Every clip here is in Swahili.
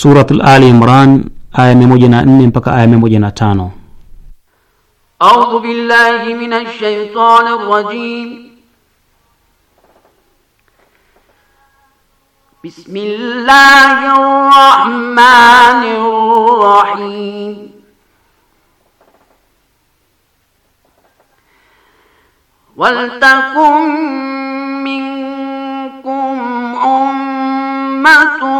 Surat al-Ali Imran aya 104 mpaka aya 105. A'udhu billahi minash shaitanir rajim. Bismillahir rahmanir rahim. ولتكن منكم أمة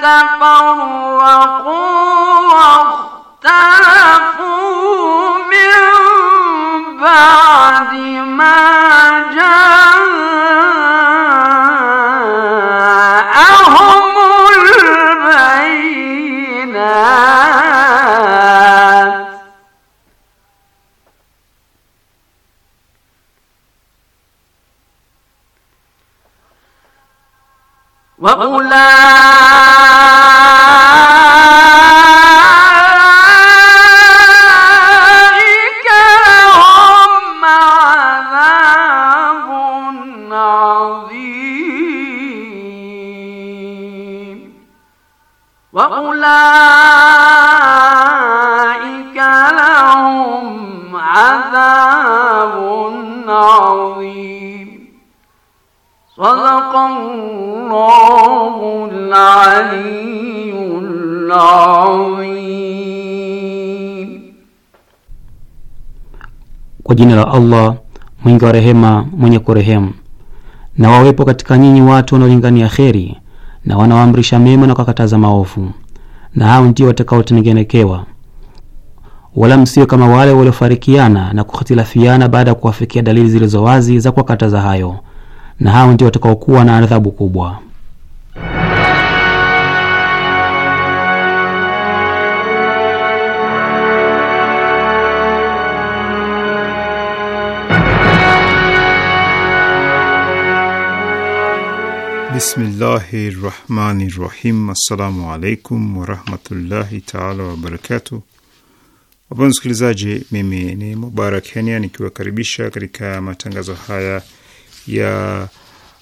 تفرقوا واختلفوا من بعد ما جاءهم البينات وأولئك wa Kwa jina la Allah mwingi wa rehema mwenye kurehemu. Na wawepo katika nyinyi watu wanaolingania kheri na wanaoamrisha mema na kukataza maovu, na hao ndio watakaotengenekewa. Wala msiwe kama wale waliofarikiana na kuhitilafiana baada ya kuwafikia dalili zilizo wazi za kuwakataza hayo, na hao ndio watakaokuwa na adhabu kubwa. Bismillahi rahmani rahim. Assalamu alaikum warahmatullahi taala wabarakatu. Wapenzi msikilizaji, mimi ni Mubarak Kenya nikiwakaribisha katika matangazo haya ya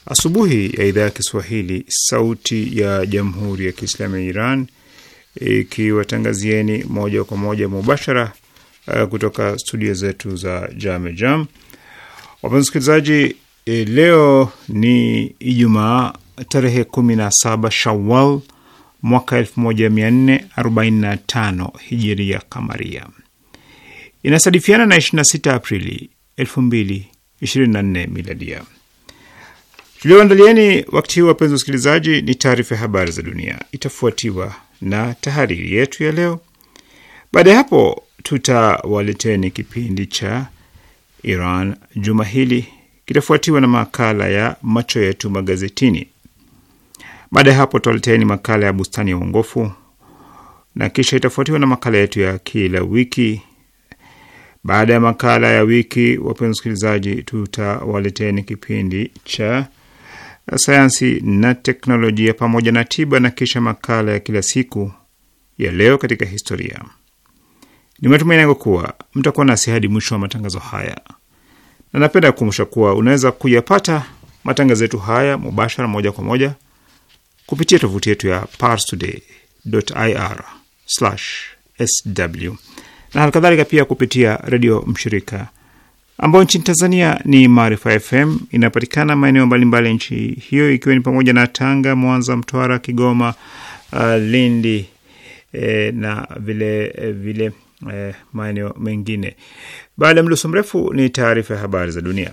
asubuhi ya idhaa ya Kiswahili sauti ya jamhuri ya Kiislamu ya Iran ikiwatangazieni moja kwa moja mubashara eh, kutoka studio zetu za Jame Jam. Wapenzi msikilizaji, eh, leo ni Ijumaa tarehe 17 Shawal mwaka 1445 hijiria kamaria, inasadifiana na 26 Aprili 2024 miladia. Tulioandalieni wakati huu, wapenzi wasikilizaji, ni taarifa ya habari za dunia, itafuatiwa na tahariri yetu ya leo. Baada ya hapo, tutawaleteni kipindi cha Iran juma hili, kitafuatiwa na makala ya macho yetu magazetini. Baada ya hapo tutawaleteeni makala ya bustani ya uongofu na kisha itafuatiwa na makala yetu ya kila wiki. Baada ya makala ya wiki, wapenzi wasikilizaji, tutawaleteni kipindi cha sayansi na teknolojia pamoja na tiba na kisha makala ya kila siku ya leo katika historia. Ni matumaini yangu kuwa mtakuwa nasi hadi mwisho wa matangazo haya, na napenda kukumbusha kuwa unaweza kuyapata matangazo yetu haya mubashara, moja kwa moja kupitia tovuti yetu ya parstoday.ir sw na halikadhalika pia kupitia redio mshirika ambayo nchini Tanzania ni Maarifa FM. Inapatikana maeneo mbalimbali nchi hiyo ikiwa ni pamoja na Tanga, Mwanza, Mtwara, Kigoma, uh, Lindi eh, na vile eh, vile eh, maeneo mengine. Baada ya mdoso mrefu ni taarifa ya habari za dunia.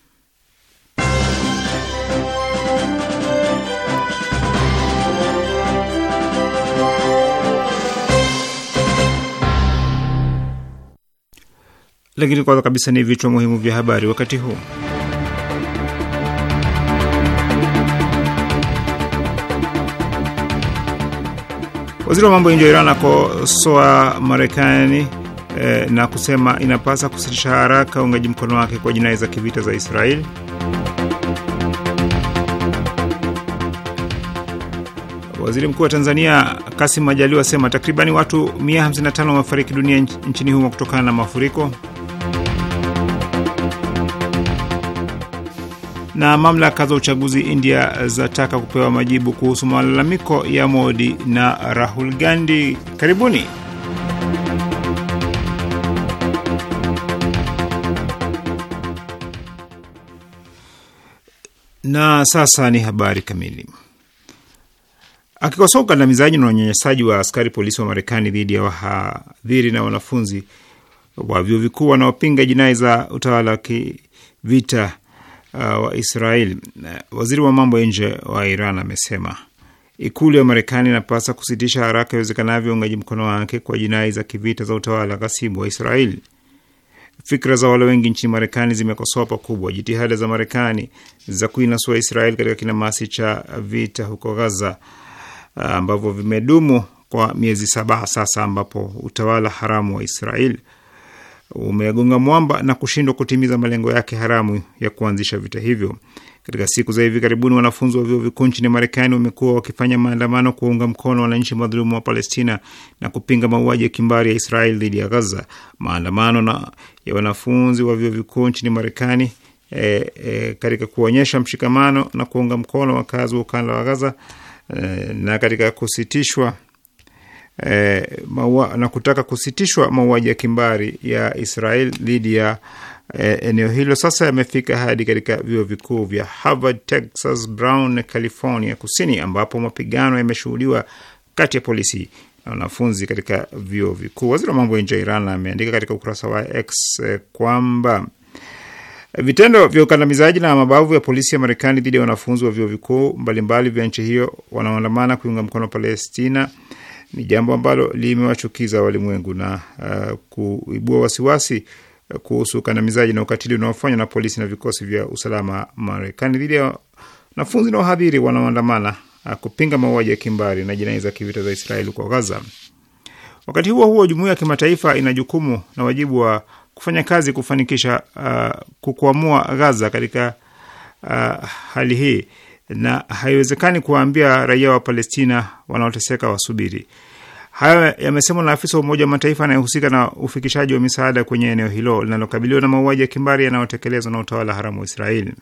Lakini kwanza kabisa ni vichwa muhimu vya habari wakati huu. Waziri wa mambo ya nje wa Iran akosoa Marekani eh, na kusema inapasa kusitisha haraka uungaji mkono wake kwa jinai za kivita za Israeli. Waziri mkuu wa Tanzania Kasim Majaliwa asema takribani watu 155 wamefariki dunia nchini humo kutokana na mafuriko. na mamlaka za uchaguzi India zataka kupewa majibu kuhusu malalamiko ya Modi na Rahul Gandhi. Karibuni. Na sasa ni habari kamili. Akikosoa ukandamizaji na unyanyasaji wa askari polisi wa Marekani dhidi ya wahadhiri na wanafunzi wa vyuo vikuu wanaopinga jinai za utawala wa kivita uh, wa Israel. Uh, waziri wa mambo ya nje wa Iran amesema ikulu ya Marekani inapasa kusitisha haraka iwezekanavyo uungaji mkono wake kwa jinai za kivita za utawala ghasibu wa israel Fikra za wale wengi nchini Marekani zimekosoa pakubwa jitihada za Marekani za kuinasua israel katika kinamasi cha vita huko Gaza ambavyo vimedumu kwa miezi saba sasa, ambapo utawala haramu wa israel umegonga mwamba na kushindwa kutimiza malengo yake haramu ya kuanzisha vita hivyo. Katika siku za hivi karibuni, wanafunzi wa vyuo vikuu nchini Marekani wamekuwa wakifanya maandamano kuwaunga mkono wananchi madhulumu wa Palestina na kupinga mauaji ya kimbari ya Israeli dhidi ya Gaza. Maandamano na ya wanafunzi wa vyuo vikuu nchini Marekani e, e, katika kuonyesha mshikamano na kuunga mkono wakazi wa ukanda wa Gaza e, na katika kusitishwa eh, maua, na kutaka kusitishwa mauaji ya kimbari ya Israel dhidi ya eh, eneo hilo sasa yamefika hadi katika vyuo vikuu vya Harvard, Texas, Brown na California Kusini, ambapo mapigano yameshuhudiwa kati ya polisi na wanafunzi katika vyuo vikuu. Waziri wa mambo ya nje wa Iran ameandika katika ukurasa wa X eh, kwamba vitendo vya ukandamizaji na mabavu ya polisi ya Marekani dhidi ya wanafunzi wa vyuo vikuu mbalimbali vya nchi hiyo wanaoandamana kuiunga mkono Palestina ni jambo ambalo limewachukiza walimwengu na uh, kuibua wasiwasi uh, kuhusu ukandamizaji na ukatili unaofanywa na polisi na vikosi vya usalama Marekani dhidi ya wanafunzi na wahadhiri wanaoandamana uh, kupinga mauaji ya kimbari na jinai za kivita za Israeli huko Gaza. Wakati huo huo, jumuiya ya kimataifa ina jukumu na wajibu wa kufanya kazi kufanikisha uh, kukwamua Gaza katika uh, hali hii na haiwezekani kuwaambia raia wa Palestina wanaoteseka wasubiri. Hayo yamesemwa na afisa wa Umoja wa Mataifa anayehusika na ufikishaji wa misaada kwenye eneo hilo linalokabiliwa na mauaji ya kimbari yanayotekelezwa na utawala haramu wa Israeli.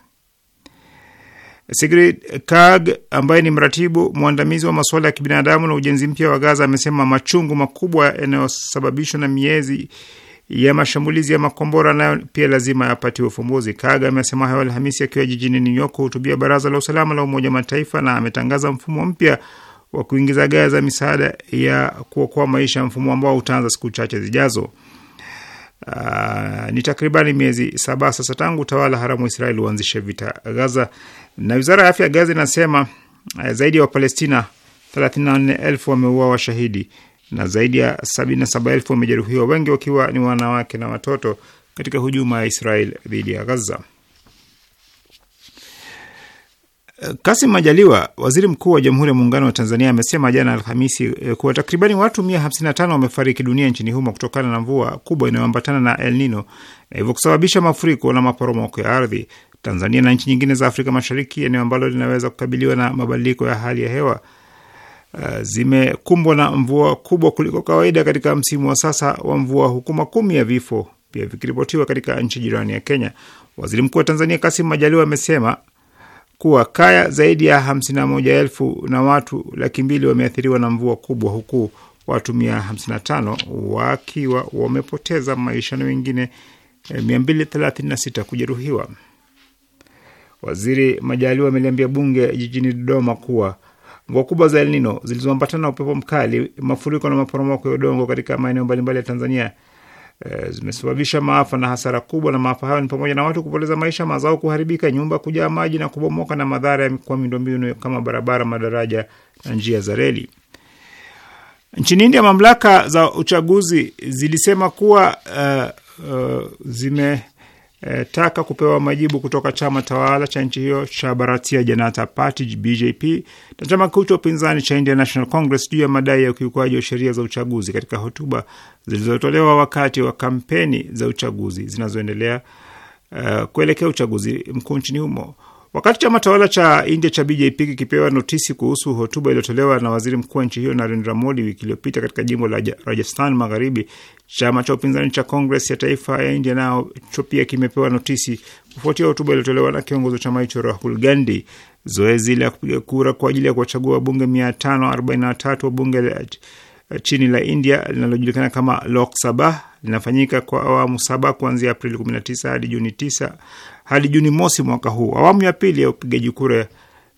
Sigrid Kaag ambaye ni mratibu mwandamizi wa masuala ya kibinadamu na ujenzi mpya wa Gaza amesema machungu makubwa yanayosababishwa na miezi ya mashambulizi ya makombora nayo pia lazima yapatiwe ufumbuzi. Kaga amesema hayo Alhamisi akiwa jijini New York kuhutubia baraza la usalama la Umoja wa Mataifa, na ametangaza mfumo mpya wa kuingiza Gaza misaada ya kuokoa maisha, mfumo ambao utaanza siku chache zijazo. Uh, ni takribani miezi saba sasa tangu utawala haramu wa Israeli uanzishe vita Gaza, na wizara ya afya ya Gaza inasema uh, zaidi ya wa Wapalestina 34,000 wameuawa washahidi na zaidi ya 77,000 wamejeruhiwa, wengi wakiwa ni wanawake na watoto katika hujuma ya Israel dhidi ya Gaza. Kasim Majaliwa, waziri mkuu wa Jamhuri ya Muungano wa Tanzania, amesema jana Alhamisi eh, kuwa takribani watu 155 wamefariki dunia nchini humo kutokana na mvua kubwa inayoambatana na El Nino na hivyo kusababisha mafuriko na maporomoko ya ardhi. Tanzania na nchi nyingine za Afrika Mashariki, eneo ambalo linaweza kukabiliwa na mabadiliko ya hali ya hewa Eh, zimekumbwa na mvua kubwa kuliko kawaida katika msimu wa sasa wa mvua, huku makumi ya vifo pia vikiripotiwa katika nchi jirani ya Kenya. Waziri Mkuu wa Tanzania Kasim Majaliwa amesema kuwa kaya zaidi ya hamsini na moja elfu na watu laki mbili wameathiriwa na mvua kubwa huku watu mia hamsini na tano wakiwa wamepoteza maisha na wengine eh, mia mbili thelathini na sita kujeruhiwa. Waziri Majaliwa ameliambia bunge jijini Dodoma kuwa Mvua kubwa za El Nino zilizoambatana na upepo mkali, mafuriko na maporomoko ya udongo katika maeneo mbalimbali ya Tanzania e, zimesababisha maafa na hasara kubwa, na maafa hayo ni pamoja na watu kupoteza maisha, mazao kuharibika, nyumba kujaa maji na kubomoka, na madhara kwa miundombinu kama barabara, madaraja na njia za reli. Nchini India, mamlaka za uchaguzi zilisema kuwa uh, uh, zime e, taka kupewa majibu kutoka chama tawala cha nchi hiyo cha Bharatiya Janata Party BJP na chama kikuu cha upinzani cha Indian National Congress juu ya madai ya ukiukwaji wa sheria za uchaguzi katika hotuba zilizotolewa wakati wa kampeni za uchaguzi zinazoendelea uh, kuelekea uchaguzi mkuu nchini humo. Wakati chama tawala cha India cha BJP kikipewa notisi kuhusu hotuba iliyotolewa na waziri mkuu wa nchi hiyo Narendra Modi wiki iliyopita katika jimbo la Rajasthan Magharibi, chama cha upinzani cha Kongres ya Taifa ya India nacho pia kimepewa notisi kufuatia hotuba iliyotolewa na kiongozi wa chama hicho Rahul Gandhi. Zoezi la kupiga kura kwa ajili ya kuwachagua wabunge 543 wa bunge la Eh, chini la India linalojulikana kama Lok Sabha linafanyika kwa awamu saba kuanzia Aprili 19 hadi Juni 9 hadi Juni mosi mwaka huu. Awamu ya pili ya upigaji kura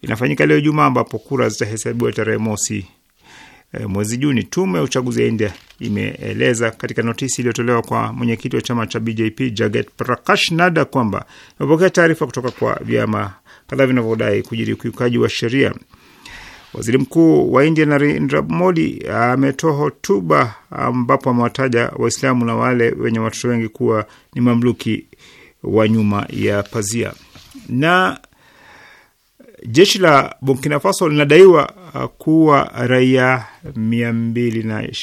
inafanyika leo Jumaa, ambapo kura zitahesabiwa tarehe mosi eh, mwezi Juni. Tume ya uchaguzi ya India imeeleza katika notisi iliyotolewa kwa mwenyekiti wa chama cha BJP Jagat Prakash Nada kwamba imepokea taarifa kutoka kwa vyama kadhaa vinavyodai kujiri ukiukaji wa sheria Waziri Mkuu wa India Narendra Modi ametoa hotuba ambapo amewataja Waislamu na wale wenye watoto wengi kuwa ni mamluki wa nyuma ya pazia. Na jeshi la Burkina Faso linadaiwa kuwa raia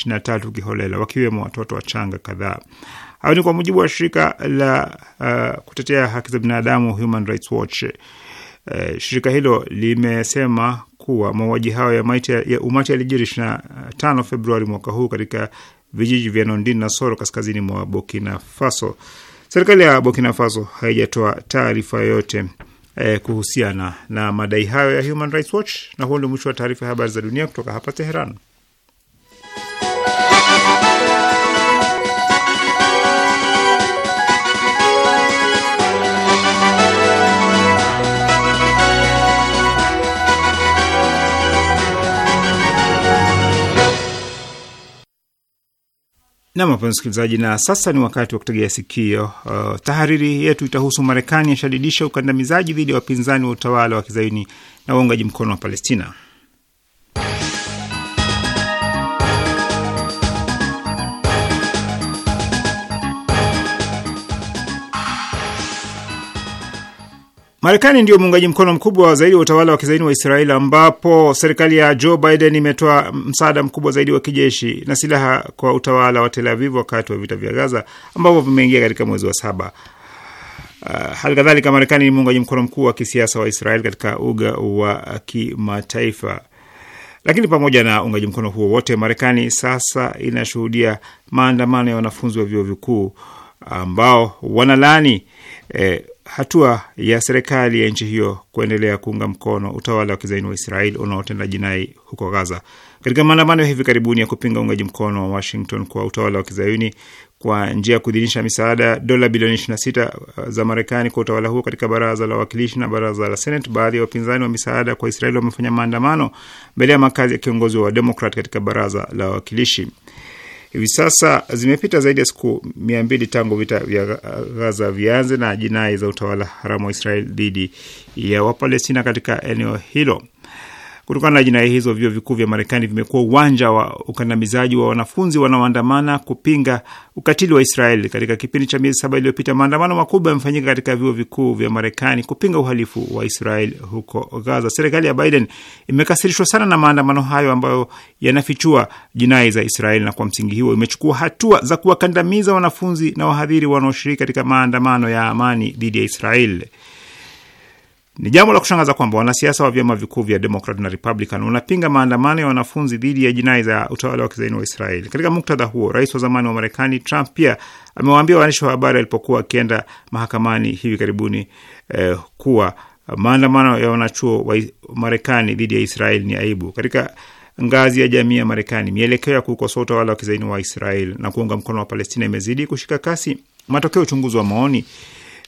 na tatu kiholela wakiwemo watoto wachanga kadhaa. Hayo ni kwa mujibu wa shirika la uh, kutetea haki za binadamu Human Rights Watch. Uh, shirika hilo limesema kuwa mauaji hayo ya maiti ya umati yalijiri 25 eh, Februari mwaka huu katika vijiji vya Nondin na Soro kaskazini mwa Burkina Faso. Serikali ya Burkina Faso haijatoa taarifa yoyote eh, kuhusiana na madai hayo ya Human Rights Watch. Na huo ndio mwisho wa taarifa ya habari za dunia kutoka hapa Teheran. Namwapea msikilizaji, na sasa ni wakati wa kutegea sikio. Uh, tahariri yetu itahusu Marekani yashadidisha ukandamizaji dhidi ya wapinzani wa utawala wa kizayuni na waungaji mkono wa Palestina. Marekani ndio muungaji mkono mkubwa zaidi wa utawala wa kizaini wa Israeli, ambapo serikali ya Joe Biden imetoa msaada mkubwa zaidi wa kijeshi na silaha kwa utawala wa Tel Aviv wakati wa vita vya Gaza ambavyo vimeingia katika mwezi wa saba. Uh, hali kadhalika Marekani ni muungaji mkono mkuu wa kisiasa wa Israeli katika uga wa kimataifa. Lakini pamoja na uungaji mkono huo wote, Marekani sasa inashuhudia maandamano ya wanafunzi wa vyuo vikuu ambao wanalani eh, hatua ya serikali ya nchi hiyo kuendelea kuunga mkono utawala wa kizaini wa Israel unaotenda jinai huko Gaza. Katika maandamano ya hivi karibuni ya kupinga uungaji mkono wa Washington kwa utawala wa kizaini kwa njia ya kuidhinisha misaada dola bilioni 26 uh, za Marekani kwa utawala huo katika baraza la wawakilishi na baraza la Senate, baadhi ya wapinzani wa misaada kwa Israeli wamefanya maandamano mbele ya makazi ya kiongozi wa Demokrat katika baraza la wawakilishi. Hivi sasa zimepita zaidi ya siku mia mbili tangu vita vya Gaza vianze na jinai za utawala haramu wa Israel dhidi ya Wapalestina katika eneo hilo. Kutokana na jinai hizo, vyuo vikuu vya Marekani vimekuwa uwanja wa ukandamizaji wa wanafunzi wanaoandamana kupinga ukatili wa israel Katika kipindi cha miezi saba iliyopita, maandamano makubwa yamefanyika katika vyuo vikuu vya Marekani kupinga uhalifu wa israel huko Gaza. Serikali ya Biden imekasirishwa sana na maandamano hayo ambayo yanafichua jinai za israel na kwa msingi huo imechukua hatua za kuwakandamiza wanafunzi na wahadhiri wanaoshiriki katika maandamano ya amani dhidi ya israel ni jambo la kushangaza kwamba wanasiasa wa vyama vikuu vya Demokrat na Republican wanapinga maandamano ya wanafunzi dhidi ya jinai za utawala wa kizaini wa Israeli. Katika muktadha huo, rais wa zamani wa Marekani Trump pia amewaambia waandishi wa habari alipokuwa akienda mahakamani hivi karibuni eh, kuwa maandamano ya wanachuo wa Marekani dhidi ya Israeli ni aibu. Katika ngazi ya jamii ya Marekani, mielekeo ya kukosoa utawala wa kizaini wa Israeli na kuunga mkono wa Palestina imezidi kushika kasi. Matokeo ya uchunguzi wa maoni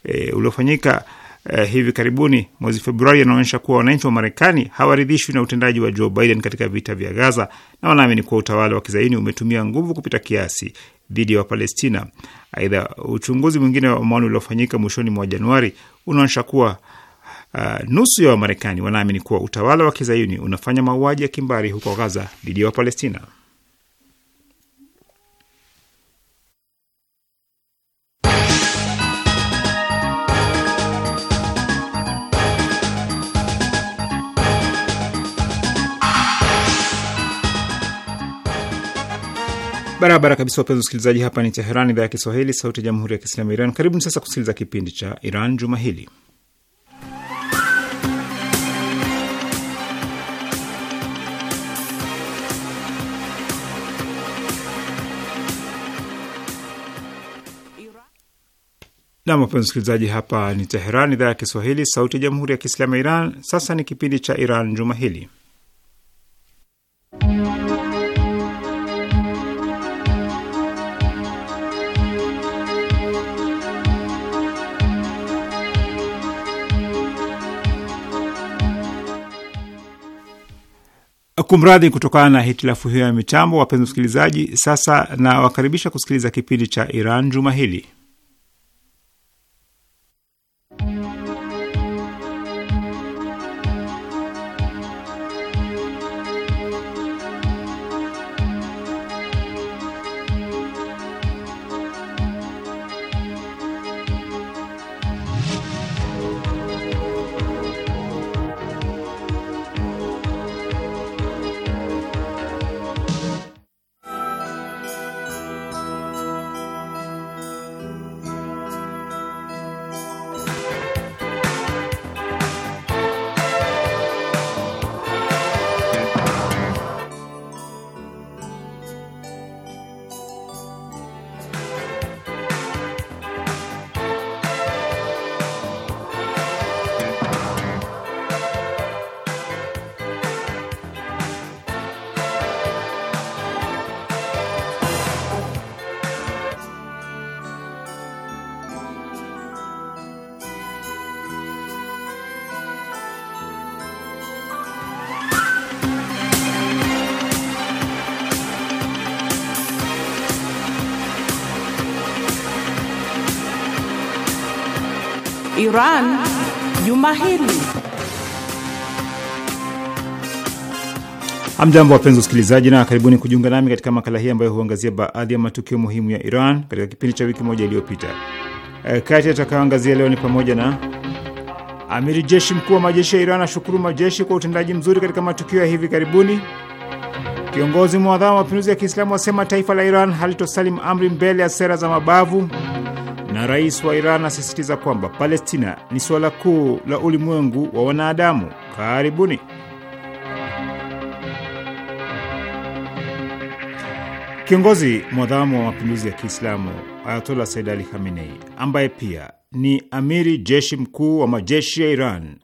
eh, uliofanyika eh, hivi karibuni mwezi Februari yanaonyesha kuwa wananchi wa Marekani hawaridhishwi na utendaji wa Joe Biden katika vita vya Gaza na wanaamini kuwa utawala wa kizaini umetumia nguvu kupita kiasi dhidi ya Wapalestina. Aidha, uchunguzi mwingine wa maoni uliofanyika mwishoni mwa Januari unaonyesha kuwa Uh, nusu ya Wamarekani wanaamini kuwa utawala wa kizayuni unafanya mauaji ya kimbari huko Gaza dhidi ya Wapalestina. Barabara kabisa, wapenzi wasikilizaji, hapa ni Teheran, idhaa ya Kiswahili, sauti ya jamhuri ya kiislamu ya Iran. Karibuni sasa kusikiliza kipindi cha Iran juma hili. Nam, wapenzi msikilizaji, hapa ni Teheran, idhaa ya Kiswahili, sauti ya jamhuri ya kiislamu ya Iran. Sasa ni kipindi cha Iran juma hili. Kumradhi, kutokana na hitilafu hiyo ya mitambo, wapenzi wasikilizaji, sasa nawakaribisha kusikiliza kipindi cha Iran juma hili. Iran juma hili. Hamjambo, wapenzi wasikilizaji, na karibuni kujiunga nami katika makala hii ambayo huangazia baadhi ya matukio muhimu ya Iran katika kipindi cha wiki moja iliyopita. E, kati yatakayoangazia leo ni pamoja na amiri jeshi mkuu wa majeshi ya Iran ashukuru majeshi kwa utendaji mzuri katika matukio ya hivi karibuni. Kiongozi mwadhamu wa mapinduzi ya Kiislamu asema taifa la Iran halitosalim amri mbele ya sera za mabavu na rais wa Iran asisitiza kwamba Palestina ni suala kuu la ulimwengu wa wanadamu. Karibuni. Kiongozi mwadhamu wa mapinduzi ya Kiislamu Ayatollah Said Ali Khamenei, ambaye pia ni amiri jeshi mkuu wa majeshi ya Iran,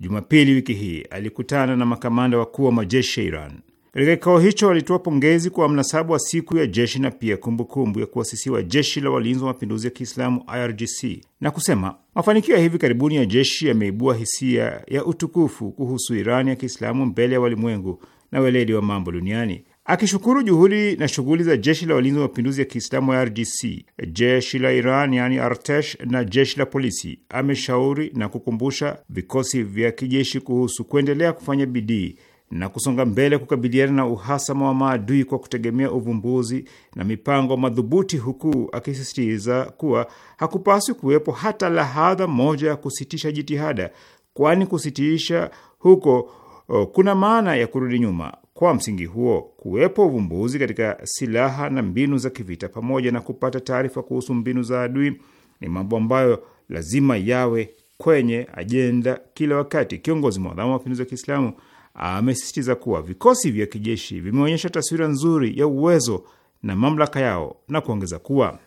Jumapili wiki hii alikutana na makamanda wakuu wa majeshi ya Iran katika kikao hicho walitoa pongezi kwa mnasaba wa siku ya jeshi na pia kumbukumbu kumbu ya kuasisiwa jeshi la walinzi wa mapinduzi ya Kiislamu IRGC na kusema mafanikio ya hivi karibuni ya jeshi yameibua hisia ya utukufu kuhusu Irani ya Kiislamu mbele ya walimwengu na weledi wa mambo duniani. Akishukuru juhudi na shughuli za jeshi la walinzi wa mapinduzi ya Kiislamu wa RGC, jeshi la Iran yani Artesh na jeshi la polisi, ameshauri na kukumbusha vikosi vya kijeshi kuhusu kuendelea kufanya bidii na kusonga mbele kukabiliana na uhasama wa maadui kwa kutegemea uvumbuzi na mipango madhubuti, huku akisisitiza kuwa hakupaswi kuwepo hata lahadha moja ya kusitisha jitihada, kwani kusitisha huko o, kuna maana ya kurudi nyuma. Kwa msingi huo, kuwepo uvumbuzi katika silaha na mbinu za kivita pamoja na kupata taarifa kuhusu mbinu za adui ni mambo ambayo lazima yawe kwenye ajenda kila wakati. Kiongozi mwadhamu wa mapinduzi ya Kiislamu amesisitiza kuwa vikosi vya kijeshi vimeonyesha taswira nzuri ya uwezo na mamlaka yao na kuongeza kuwa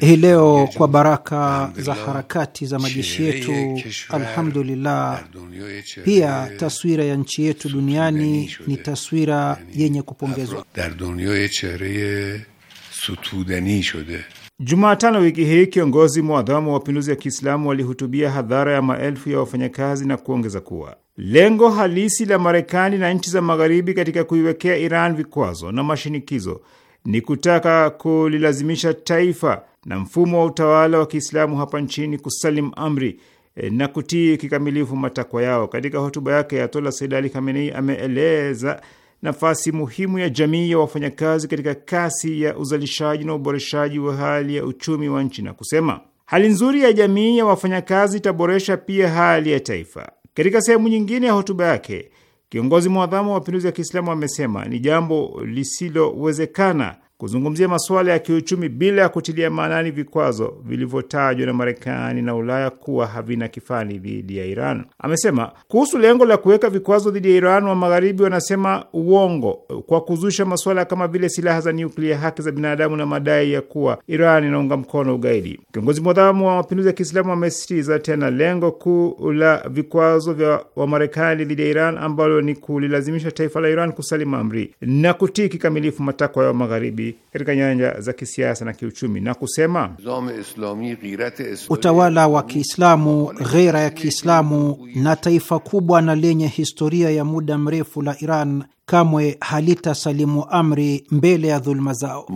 hii leo kwa baraka za harakati za majeshi yetu, alhamdulillah, pia taswira ya nchi yetu duniani ni taswira yenye kupongezwa. Jumatano wiki hii kiongozi mwadhamu wa mapinduzi ya Kiislamu walihutubia hadhara ya maelfu ya wafanyakazi na kuongeza kuwa lengo halisi la Marekani na nchi za Magharibi katika kuiwekea Iran vikwazo na mashinikizo ni kutaka kulilazimisha taifa na mfumo wa utawala wa Kiislamu hapa nchini kusalim amri eh, na kutii kikamilifu matakwa yao. Katika hotuba yake, Ayatollah Said Ali Khamenei ameeleza nafasi muhimu ya jamii ya wafanyakazi katika kasi ya uzalishaji na uboreshaji wa hali ya uchumi wa nchi na kusema hali nzuri ya jamii ya wafanyakazi itaboresha pia hali ya taifa. Katika sehemu nyingine ya hotuba yake, kiongozi mwadhamu wa mapinduzi ya Kiislamu amesema ni jambo lisilowezekana kuzungumzia masuala ya kiuchumi bila ya kutilia maanani vikwazo vilivyotajwa na Marekani na Ulaya kuwa havina kifani dhidi ya Iran. Amesema kuhusu lengo la kuweka vikwazo dhidi ya Iran, wa Magharibi wanasema uongo kwa kuzusha masuala kama vile silaha za nyuklia, haki za binadamu na madai ya kuwa Iran inaunga mkono ugaidi. Kiongozi mwadhamu wa mapinduzi ya Kiislamu amesisitiza tena lengo kuu la vikwazo vya Wamarekani dhidi ya Iran ambalo ni kulilazimisha taifa la Iran kusalima amri na kutii kikamilifu matakwa ya Magharibi magharibi katika nyanja za kisiasa na kiuchumi na kusema, utawala wa Kiislamu, ghera ya Kiislamu na taifa kubwa na lenye historia ya muda mrefu la Iran kamwe halitasalimu amri mbele ya dhuluma zao.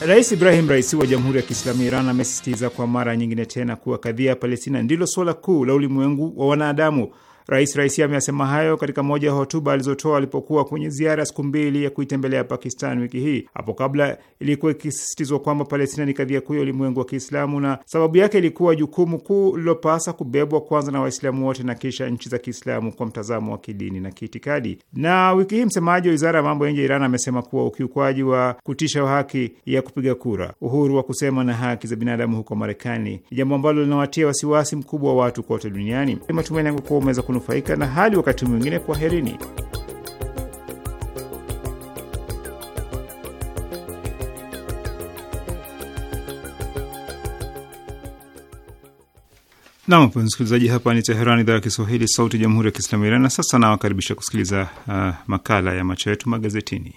Rais Ibrahim Raisi wa Jamhuri ya Kiislamu ya Iran amesisitiza kwa mara nyingine tena kuwa kadhia ya Palestina ndilo suala kuu la ulimwengu wa wanadamu Rais Raisi ameyasema hayo katika moja ya hotuba alizotoa alipokuwa kwenye ziara ya siku mbili ya kuitembelea Pakistan wiki hii. Hapo kabla ilikuwa ikisisitizwa kwamba Palestina ni kadhia kuu ya ulimwengu wa Kiislamu na sababu yake ilikuwa jukumu kuu lilopasa kubebwa kwanza na Waislamu wote na kisha nchi za Kiislamu kwa mtazamo wa kidini na kiitikadi. Na wiki hii msemaji wa wizara ya mambo ya nje ya Iran amesema kuwa ukiukwaji wa kutisha wa haki ya kupiga kura, uhuru wa kusema na haki za binadamu huko Marekani, jambo ambalo linawatia wasiwasi mkubwa wa watu kote duniani. Matumaini yangu kuwa umeweza kunufaika na hali wakati mwingine, kwaherini. Nam, msikilizaji, hapa ni Teheran, idhaa ya Kiswahili, sauti ya jamhuri ya kiislamu ya Iran. Na sasa nawakaribisha kusikiliza uh, makala ya macho yetu magazetini.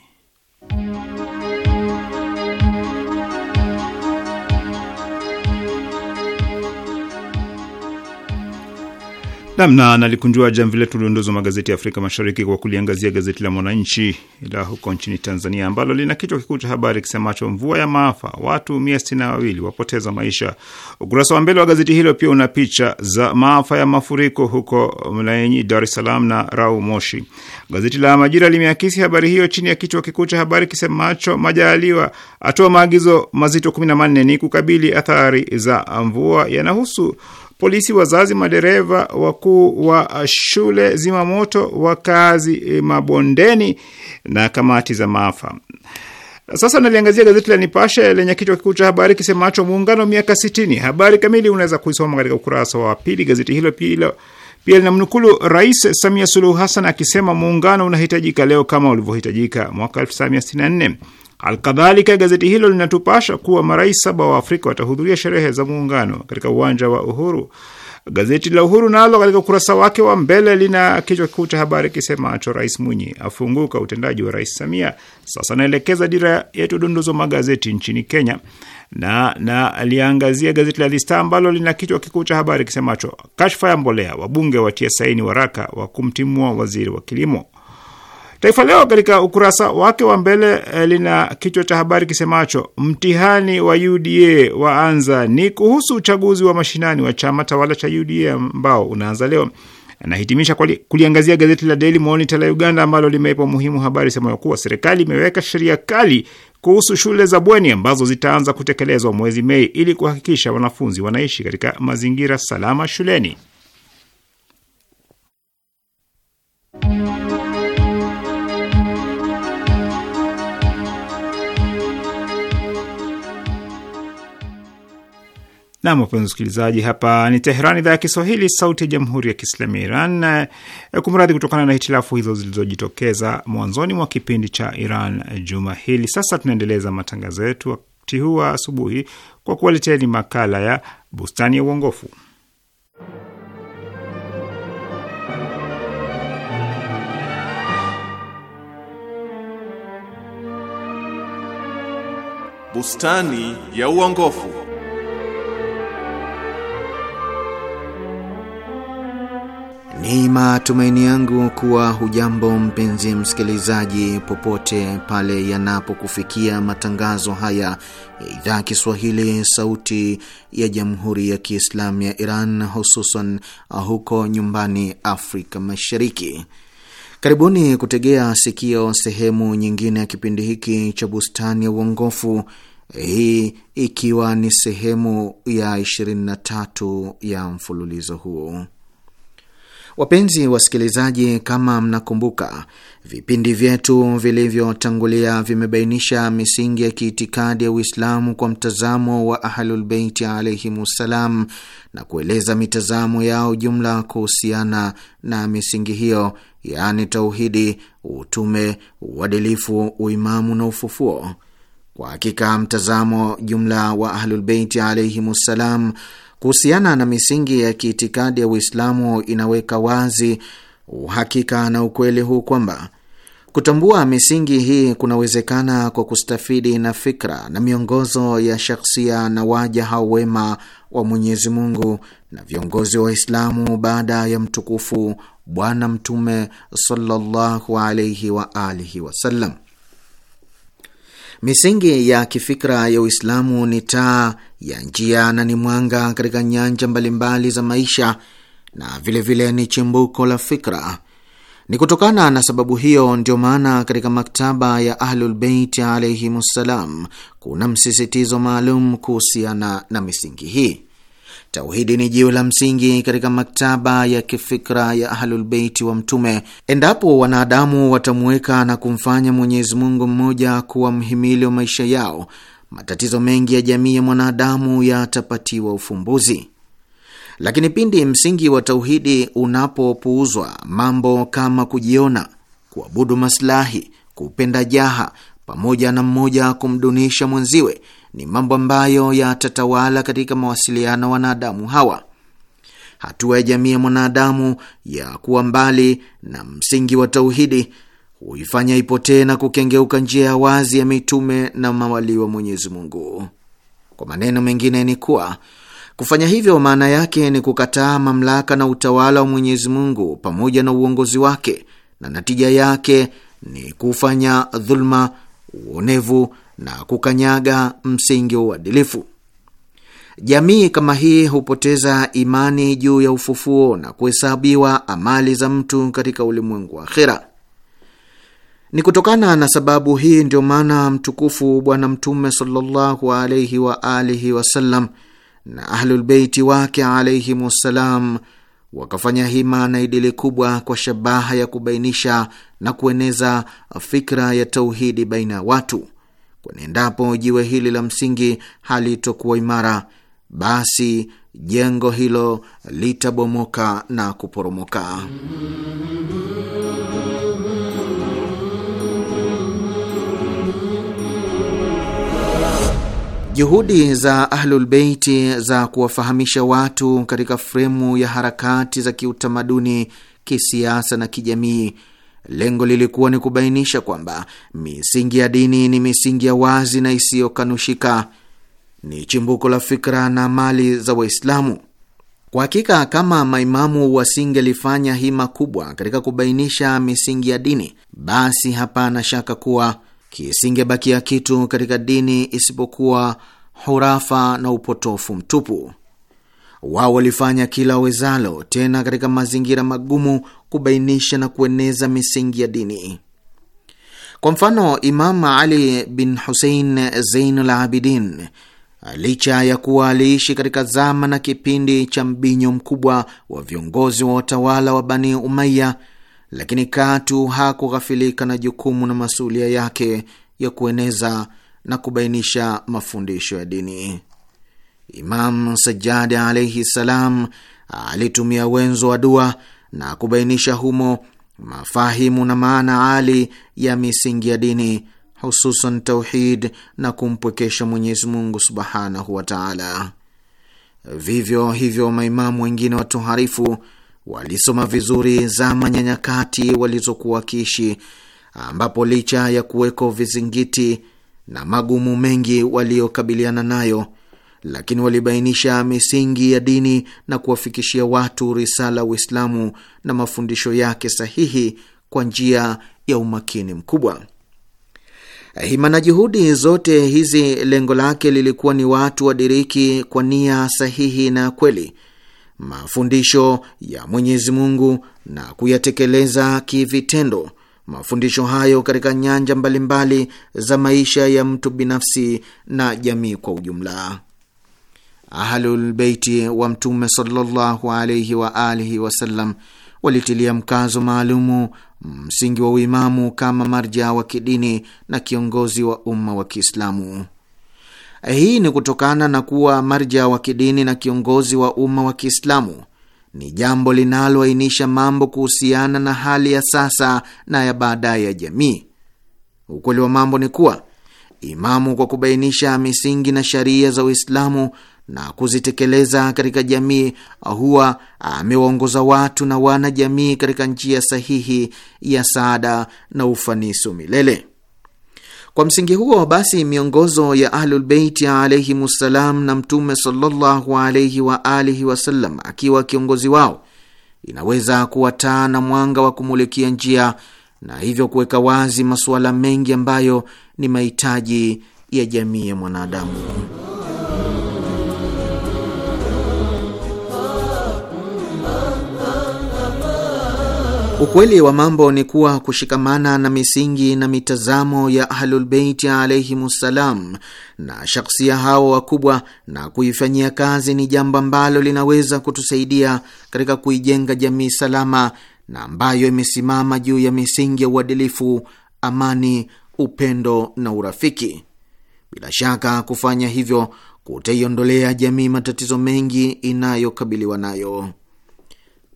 namna nalikunjua jamvi letu liondozwa magazeti ya Afrika Mashariki kwa kuliangazia gazeti la Mwananchi la huko nchini Tanzania, ambalo lina kichwa kikuu cha habari kisemacho mvua ya maafa, watu mia sitini na wawili wapoteza maisha. Ukurasa wa mbele wa gazeti hilo pia una picha za maafa ya mafuriko huko Mlaenyi, Dar es Salaam na Rau Moshi. Gazeti la Majira limeakisi habari hiyo chini ya kichwa kikuu cha habari kisemacho Majaliwa atoa maagizo mazito kumi na manne ni kukabili athari za mvua yanahusu polisi, wazazi, madereva, wakuu wa uh, shule, zimamoto, wakazi eh, mabondeni na kamati za maafa. Sasa naliangazia gazeti la Nipashe lenye kichwa kikuu cha habari kisemacho muungano miaka sitini. Habari kamili unaweza kuisoma katika ukurasa wa pili. Gazeti hilo pia linamnukulu Rais Samia Suluhu Hassan akisema muungano unahitajika leo kama ulivyohitajika mwaka 1964. Alkadhalika, gazeti hilo linatupasha kuwa marais saba wa Afrika watahudhuria sherehe za muungano katika uwanja wa Uhuru. Gazeti la Uhuru nalo katika ukurasa wake wa mbele lina kichwa kikuu cha habari kisemacho Rais Mwinyi afunguka utendaji wa Rais Samia. Sasa naelekeza dira yetu dunduzo magazeti nchini Kenya na na gazeti la The Star ambalo lina kichwa kikuu cha habari kisemacho kashfa ya mbolea, wabunge watia saini waraka wa kumtimua waziri wa kilimo. Taifa Leo katika ukurasa wake wa mbele eh, lina kichwa cha habari kisemacho mtihani wa UDA waanza. Ni kuhusu uchaguzi wa mashinani wa chama tawala cha UDA ambao unaanza leo. Anahitimisha kuliangazia gazeti la Daily Monitor la Uganda ambalo limeipa umuhimu habari sema kuwa serikali imeweka sheria kali kuhusu shule za bweni ambazo zitaanza kutekelezwa mwezi Mei ili kuhakikisha wanafunzi wanaishi katika mazingira salama shuleni. Nam, wapenzi msikilizaji, hapa ni Teheran, idhaa ya Kiswahili, sauti ya jamhuri ya kiislamu ya Iran. Eh, kumradhi kutokana na hitilafu hizo zilizojitokeza mwanzoni mwa kipindi cha Iran juma hili. Sasa tunaendeleza matangazo yetu wakati huu wa asubuhi kwa kuwaleteni makala ya bustani ya uongofu. Bustani ya uongofu. Ni matumaini yangu kuwa hujambo mpenzi msikilizaji, popote pale yanapokufikia matangazo haya ya idhaa ya Kiswahili, Sauti ya Jamhuri ya Kiislamu ya Iran, hususan huko nyumbani Afrika Mashariki. Karibuni kutegea sikio sehemu nyingine ya kipindi hiki cha Bustani ya Uongofu, hii ikiwa ni sehemu ya 23 ya mfululizo huu. Wapenzi wasikilizaji, kama mnakumbuka, vipindi vyetu vilivyotangulia vimebainisha misingi ya kiitikadi ya Uislamu kwa mtazamo wa Ahlulbeiti alaihimussalam na kueleza mitazamo yao jumla kuhusiana na misingi hiyo, yaani tauhidi, utume, uadilifu, uimamu na ufufuo. Kwa hakika mtazamo jumla wa Ahlulbeiti alaihimussalam kuhusiana na misingi ya kiitikadi ya Uislamu inaweka wazi uhakika na ukweli huu kwamba kutambua misingi hii kunawezekana kwa kustafidi na fikra na miongozo ya shakhsia na waja hao wema wa Mwenyezi Mungu na viongozi wa Waislamu baada ya mtukufu Bwana Mtume sallallahu alaihi wa alihi wasallam. Misingi ya kifikra ya Uislamu ni taa ya njia na ni mwanga katika nyanja mbalimbali za maisha na vilevile vile ni chimbuko la fikra. Ni kutokana na sababu hiyo ndio maana katika maktaba ya Ahlulbeiti alaihimussalam kuna msisitizo maalum kuhusiana na misingi hii. Tauhidi ni jiwe la msingi katika maktaba ya kifikra ya Ahlulbeiti wa Mtume. Endapo wanadamu watamuweka na kumfanya Mwenyezi Mungu mmoja kuwa mhimili wa maisha yao matatizo mengi ya jamii ya mwanadamu yatapatiwa ufumbuzi. Lakini pindi msingi wa tauhidi unapopuuzwa, mambo kama kujiona, kuabudu maslahi, kupenda jaha pamoja na mmoja kumdunisha mwenziwe ni mambo ambayo yatatawala katika mawasiliano ya wanadamu hawa. Hatua ya jamii ya mwanadamu ya kuwa mbali na msingi wa tauhidi huifanya ipotee na kukengeuka njia ya wazi ya mitume na mawalii wa Mwenyezi Mungu. Kwa maneno mengine ni kuwa kufanya hivyo maana yake ni kukataa mamlaka na utawala wa Mwenyezi Mungu pamoja na uongozi wake, na natija yake ni kufanya dhuluma, uonevu na kukanyaga msingi wa uadilifu. Jamii kama hii hupoteza imani juu ya ufufuo na kuhesabiwa amali za mtu katika ulimwengu wa akhera. Ni kutokana na sababu hii ndio maana mtukufu Bwana Mtume sallallahu alaihi wa alihi wasallam na Ahlulbeiti wake alaihim wassalam wakafanya hima na idili kubwa kwa shabaha ya kubainisha na kueneza fikra ya tauhidi baina ya watu, kwani endapo jiwe hili la msingi halitokuwa imara, basi jengo hilo litabomoka na kuporomoka. Juhudi za Ahlulbeiti za kuwafahamisha watu katika fremu ya harakati za kiutamaduni, kisiasa na kijamii, lengo lilikuwa ni kubainisha kwamba misingi ya dini ni misingi ya wazi na isiyokanushika, ni chimbuko la fikra na mali za Waislamu. Kwa hakika kama maimamu wasingelifanya hima kubwa katika kubainisha misingi ya dini, basi hapana shaka kuwa kisingebakia kitu katika dini isipokuwa hurafa na upotofu mtupu. Wao walifanya kila wezalo, tena katika mazingira magumu, kubainisha na kueneza misingi ya dini. Kwa mfano, Imam Ali bin Husein Zeinul Abidin, licha ya kuwa aliishi katika zama na kipindi cha mbinyo mkubwa wa viongozi wa watawala wa Bani Umaya, lakini katu hakughafilika na jukumu na masuulia yake ya kueneza na kubainisha mafundisho ya dini. Imam Sajadi alaihi salam alitumia wenzo wa dua na kubainisha humo mafahimu na maana ali ya misingi ya dini, hususan tauhid na kumpwekesha Mwenyezi Mungu subhanahu wa taala. Vivyo hivyo maimamu wengine watoharifu walisoma vizuri zama nyanyakati walizokuwa wakiishi, ambapo licha ya kuweko vizingiti na magumu mengi waliokabiliana nayo, lakini walibainisha misingi ya dini na kuwafikishia watu risala Uislamu na mafundisho yake sahihi kwa njia ya umakini mkubwa. Hima na juhudi zote hizi lengo lake lilikuwa ni watu wadiriki kwa nia sahihi na kweli mafundisho ya Mwenyezi Mungu na kuyatekeleza kivitendo mafundisho hayo katika nyanja mbalimbali mbali za maisha ya mtu binafsi na jamii kwa ujumla. Ahlulbeiti wa Mtume sallallahu alaihi wa alihi wasallam walitilia mkazo maalumu msingi wa uimamu kama marja wa kidini na kiongozi wa umma wa Kiislamu. Hii ni kutokana na kuwa marja wa kidini na kiongozi wa umma wa Kiislamu ni jambo linaloainisha mambo kuhusiana na hali ya sasa na ya baadaye ya jamii. Ukweli wa mambo ni kuwa imamu, kwa kubainisha misingi na sharia za Uislamu na kuzitekeleza katika jamii, huwa amewaongoza watu na wanajamii katika njia sahihi ya saada na ufanisi milele. Kwa msingi huo basi, miongozo ya Ahlulbeiti ssalam na Mtume sallallahu alaihi wa alihi wasallam akiwa kiongozi wao inaweza kuwa taa na mwanga wa kumulikia njia na hivyo kuweka wazi masuala mengi ambayo ni mahitaji ya jamii ya mwanadamu. Ukweli wa mambo ni kuwa kushikamana na misingi na mitazamo ya Ahlulbeiti ssalam na shakhsia hao wakubwa na kuifanyia kazi ni jambo ambalo linaweza kutusaidia katika kuijenga jamii salama na ambayo imesimama juu ya misingi ya uadilifu, amani, upendo na urafiki. Bila shaka kufanya hivyo kutaiondolea jamii matatizo mengi inayokabiliwa nayo.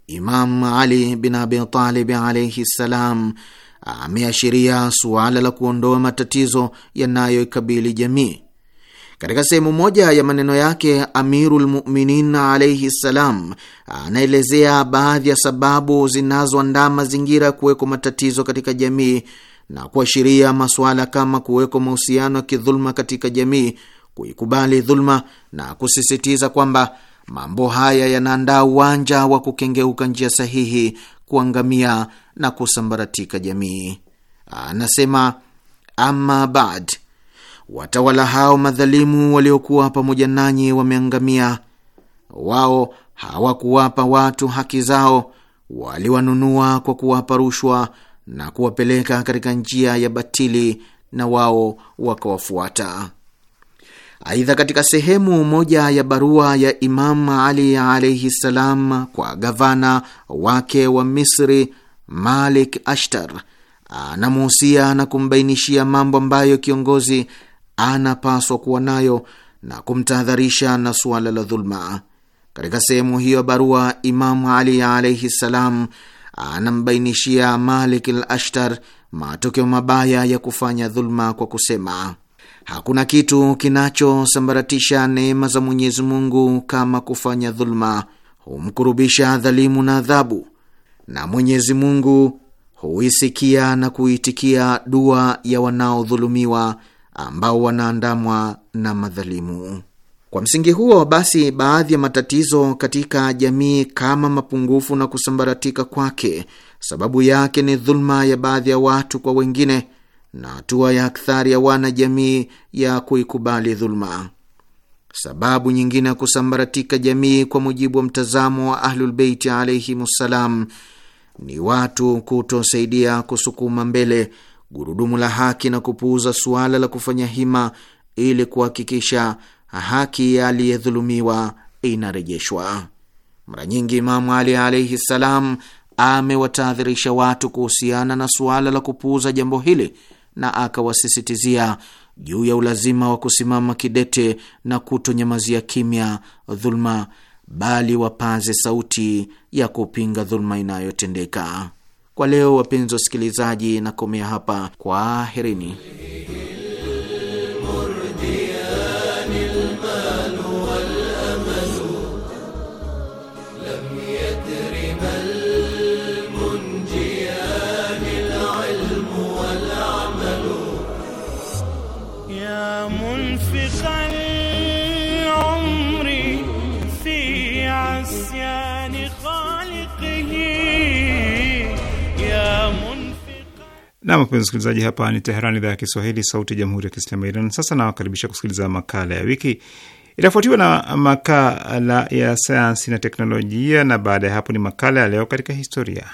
Imam Ali bin Abi Talib alaihi ssalam ameashiria suala la kuondoa matatizo yanayoikabili jamii. Katika sehemu moja ya maneno yake, Amirul Muminin alaihi ssalam anaelezea baadhi ya sababu zinazoandaa mazingira ya kuweko matatizo katika jamii na kuashiria masuala kama kuweko mahusiano ya kidhuluma katika jamii, kuikubali dhuluma na kusisitiza kwamba Mambo haya yanaandaa uwanja wa kukengeuka njia sahihi, kuangamia na kusambaratika jamii. Anasema, ama bad, watawala hao madhalimu waliokuwa pamoja nanyi wameangamia. Wao hawakuwapa watu haki zao, waliwanunua kwa kuwapa rushwa na kuwapeleka katika njia ya batili, na wao wakawafuata. Aidha, katika sehemu moja ya barua ya Imam Ali alaihi ssalam kwa gavana wake wa Misri Malik Ashtar, anamuhusia na kumbainishia mambo ambayo kiongozi anapaswa kuwa nayo na kumtahadharisha na suala la dhuluma. Katika sehemu hiyo ya barua, Imamu Ali alaihi ssalam anambainishia Malik al Ashtar matokeo mabaya ya kufanya dhuluma kwa kusema Hakuna kitu kinachosambaratisha neema za Mwenyezi Mungu kama kufanya dhuluma, humkurubisha dhalimu na adhabu, na Mwenyezi Mungu huisikia na kuitikia dua ya wanaodhulumiwa ambao wanaandamwa na madhalimu. Kwa msingi huo basi, baadhi ya matatizo katika jamii kama mapungufu na kusambaratika kwake, sababu yake ni dhuluma ya baadhi ya watu kwa wengine na hatua ya akthari ya wanajamii ya kuikubali dhuluma. Sababu nyingine ya kusambaratika jamii kwa mujibu wa mtazamo wa Ahlulbeiti alaihimussalam ni watu kutosaidia kusukuma mbele gurudumu la haki na kupuuza suala la kufanya hima ili kuhakikisha haki ya aliyedhulumiwa inarejeshwa. Mara nyingi Imamu Ali alaihi ssalam amewatahadharisha watu kuhusiana na suala la kupuuza jambo hili na akawasisitizia juu ya ulazima wa kusimama kidete na kutonyamazia kimya dhuluma, bali wapaze sauti ya kupinga dhuluma inayotendeka. Kwa leo, wapenzi wasikilizaji, nakomea hapa. Kwaherini. Nam, wapenzi msikilizaji, hapa ni Teherani, idhaa ya Kiswahili, sauti ya jamhuri ya kiislamu ya Iran. Sasa nawakaribisha kusikiliza makala ya wiki, itafuatiwa na makala ya sayansi na teknolojia, na baada ya hapo ni makala ya leo katika historia.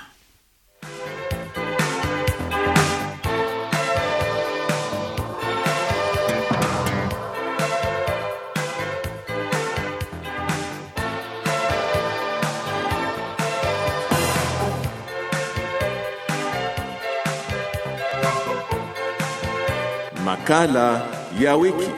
Makala ya wiki.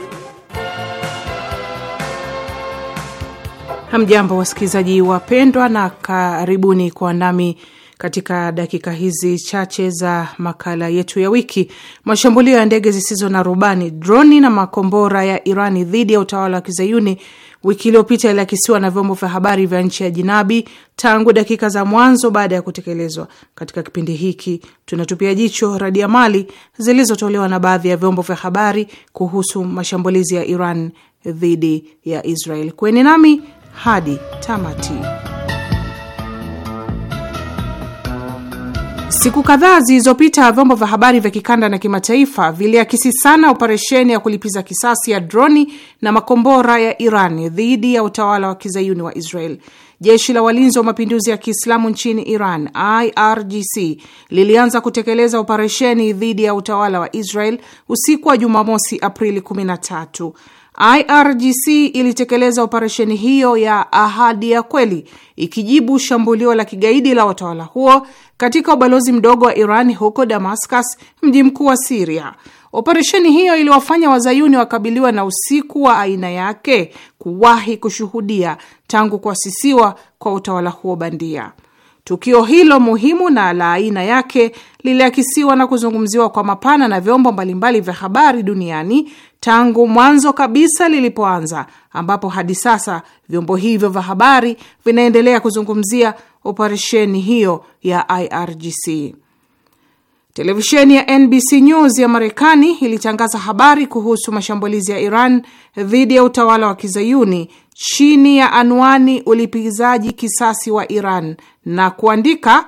Hamjambo wasikilizaji wapendwa, na karibuni kwa nami katika dakika hizi chache za makala yetu ya wiki. Mashambulio ya ndege zisizo na rubani, droni na makombora ya Irani dhidi ya utawala wa kizayuni wiki iliyopita iliakisiwa na vyombo vya habari vya nchi ya jinabi tangu dakika za mwanzo baada ya kutekelezwa. Katika kipindi hiki tunatupia jicho mali zilizotolewa na baadhi ya vyombo vya habari kuhusu mashambulizi ya Iran dhidi ya Israel. Kweni nami hadi tamati. Siku kadhaa zilizopita vyombo vya habari vya kikanda na kimataifa viliakisi sana operesheni ya kulipiza kisasi ya droni na makombora ya Iran dhidi ya utawala wa kizayuni wa Israel. Jeshi la walinzi wa mapinduzi ya Kiislamu nchini Iran, IRGC, lilianza kutekeleza operesheni dhidi ya utawala wa Israel usiku wa Jumamosi, Aprili 13. IRGC ilitekeleza operesheni hiyo ya ahadi ya kweli ikijibu shambulio la kigaidi la utawala huo katika ubalozi mdogo wa Iran huko Damascus, mji mkuu wa Siria. Operesheni hiyo iliwafanya wazayuni wakabiliwa na usiku wa aina yake kuwahi kushuhudia tangu kuasisiwa kwa utawala huo bandia. Tukio hilo muhimu na la aina yake liliakisiwa na kuzungumziwa kwa mapana na vyombo mbalimbali vya habari duniani tangu mwanzo kabisa lilipoanza, ambapo hadi sasa vyombo hivyo vya habari vinaendelea kuzungumzia operesheni hiyo ya IRGC. Televisheni ya NBC News ya Marekani ilitangaza habari kuhusu mashambulizi ya Iran dhidi ya utawala wa kizayuni chini ya anwani ulipizaji kisasi wa Iran na kuandika,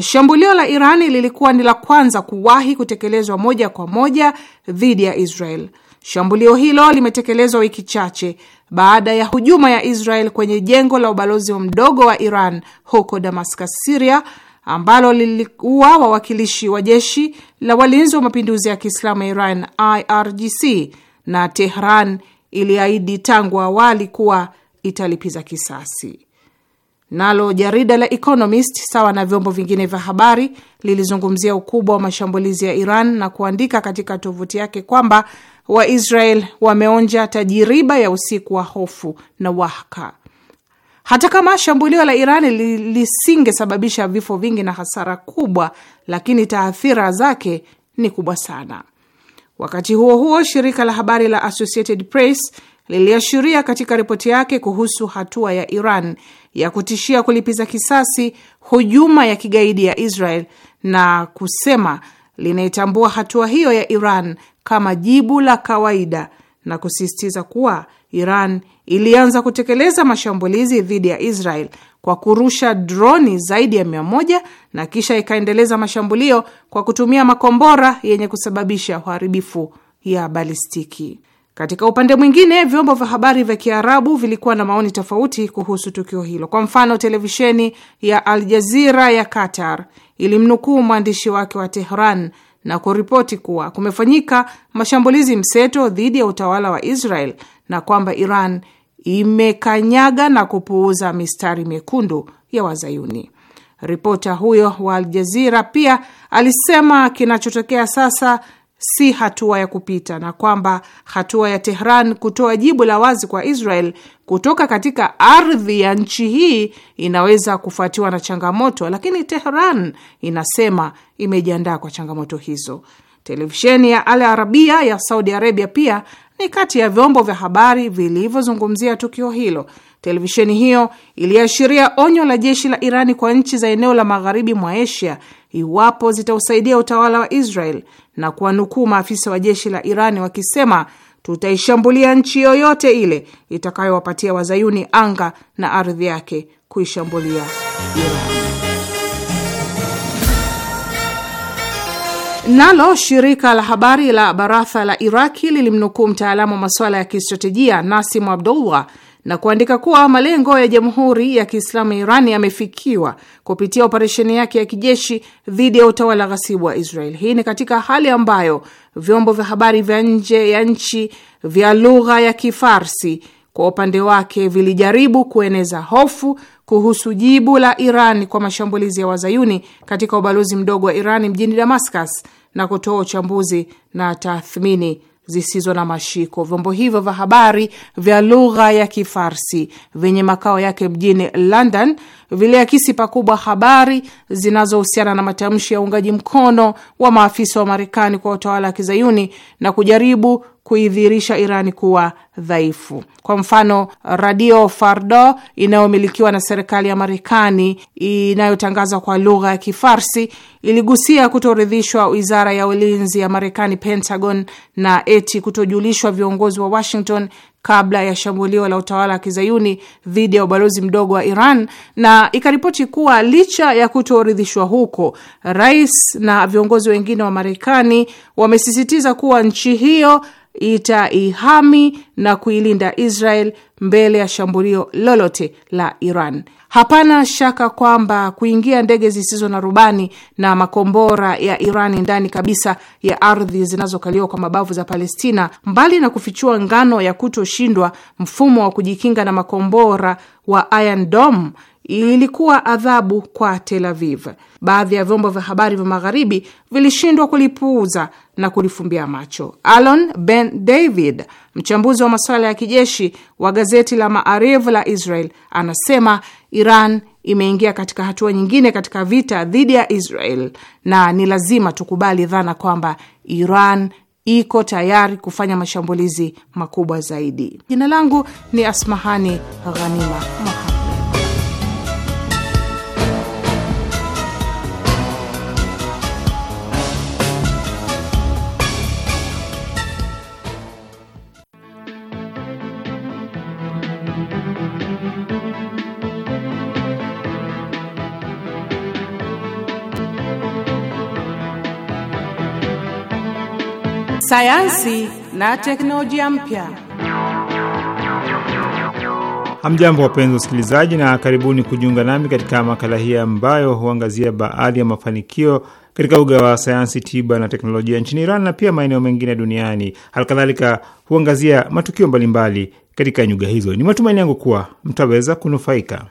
shambulio la Iran lilikuwa ni la kwanza kuwahi kutekelezwa moja kwa moja dhidi ya Israel. Shambulio hilo limetekelezwa wiki chache baada ya hujuma ya Israel kwenye jengo la ubalozi mdogo wa Iran huko Damascus, siria ambalo liliua wawakilishi wa jeshi la walinzi wa mapinduzi ya Kiislamu ya Iran IRGC na Tehran iliahidi tangu awali kuwa italipiza kisasi. Nalo jarida la Economist sawa na vyombo vingine vya habari lilizungumzia ukubwa wa mashambulizi ya Iran na kuandika katika tovuti yake kwamba Waisrael wameonja tajiriba ya usiku wa hofu na wahaka. Hata kama shambulio la iran lisingesababisha vifo vingi na hasara kubwa, lakini taathira zake ni kubwa sana. Wakati huo huo, shirika la habari la Associated Press liliashiria katika ripoti yake kuhusu hatua ya Iran ya kutishia kulipiza kisasi hujuma ya kigaidi ya Israel na kusema linaitambua hatua hiyo ya Iran kama jibu la kawaida na kusisitiza kuwa Iran ilianza kutekeleza mashambulizi dhidi ya Israel kwa kurusha droni zaidi ya mia moja na kisha ikaendeleza mashambulio kwa kutumia makombora yenye kusababisha uharibifu ya balistiki. Katika upande mwingine, vyombo vya habari vya Kiarabu vilikuwa na maoni tofauti kuhusu tukio hilo. Kwa mfano, televisheni ya Al Jazira ya Qatar ilimnukuu mwandishi wake wa Tehran na kuripoti kuwa kumefanyika mashambulizi mseto dhidi ya utawala wa Israel na kwamba Iran imekanyaga na kupuuza mistari mekundu ya Wazayuni. Ripota huyo wa Al Jazira pia alisema kinachotokea sasa si hatua ya kupita na kwamba hatua ya Tehran kutoa jibu la wazi kwa Israel kutoka katika ardhi ya nchi hii inaweza kufuatiwa na changamoto, lakini Tehran inasema imejiandaa kwa changamoto hizo. Televisheni ya Al Arabia ya Saudi Arabia pia ni kati ya vyombo vya habari vilivyozungumzia tukio hilo. Televisheni hiyo iliashiria onyo la jeshi la Irani kwa nchi za eneo la magharibi mwa Asia iwapo zitausaidia utawala wa Israel na kuwanukuu maafisa wa jeshi la Irani wakisema tutaishambulia nchi yoyote ile itakayowapatia wazayuni anga na ardhi yake kuishambulia Nalo shirika la habari la Baratha la Iraki lilimnukuu mtaalamu wa masuala ya kistratejia Nasim Abdullah na kuandika kuwa malengo ya Jamhuri ya Kiislamu ya Iran yamefikiwa kupitia operesheni yake ya kijeshi dhidi ya utawala ghasibu wa Israel. Hii ni katika hali ambayo vyombo vya habari vya nje ya nchi vya lugha ya Kifarsi kwa upande wake vilijaribu kueneza hofu kuhusu jibu la Iran kwa mashambulizi ya wazayuni katika ubalozi mdogo wa Iran mjini Damascus na kutoa uchambuzi na tathmini zisizo na mashiko. Vyombo hivyo vya habari vya lugha ya Kifarsi vyenye makao yake mjini London viliakisi pakubwa habari zinazohusiana na matamshi ya uungaji mkono wa maafisa wa Marekani kwa utawala wa Kizayuni na kujaribu kuidhihirisha Irani kuwa dhaifu. Kwa mfano, Radio Fardo inayomilikiwa na serikali ya Marekani inayotangazwa kwa lugha ya Kifarsi iligusia kutoridhishwa wizara ya ulinzi ya Marekani, Pentagon, na eti kutojulishwa viongozi wa Washington kabla ya shambulio la utawala wa kizayuni dhidi ya ubalozi mdogo wa Iran na ikaripoti kuwa licha ya kutoridhishwa huko, rais na viongozi wengine wa Marekani wamesisitiza kuwa nchi hiyo itaihami na kuilinda Israel mbele ya shambulio lolote la Iran. Hapana shaka kwamba kuingia ndege zisizo na rubani na makombora ya Iran ndani kabisa ya ardhi zinazokaliwa kwa mabavu za Palestina, mbali na kufichua ngano ya kutoshindwa mfumo wa kujikinga na makombora wa Iron Dome, ilikuwa adhabu kwa Tel Aviv baadhi ya vyombo vya habari vya magharibi vilishindwa kulipuuza na kulifumbia macho. Alon Ben David, mchambuzi wa masuala ya kijeshi wa gazeti la Maariv la Israel, anasema Iran imeingia katika hatua nyingine katika vita dhidi ya Israel na ni lazima tukubali dhana kwamba Iran iko tayari kufanya mashambulizi makubwa zaidi. Jina langu ni Asmahani Ghanima. sayansi na teknolojia mpya. Hamjambo, wapenzi wasikilizaji, na karibuni kujiunga nami katika makala hii ambayo huangazia baadhi ya mafanikio katika uga wa sayansi tiba na teknolojia nchini Iran na pia maeneo mengine duniani. Halikadhalika huangazia matukio mbalimbali katika nyuga hizo. Ni matumaini yangu kuwa mtaweza kunufaika.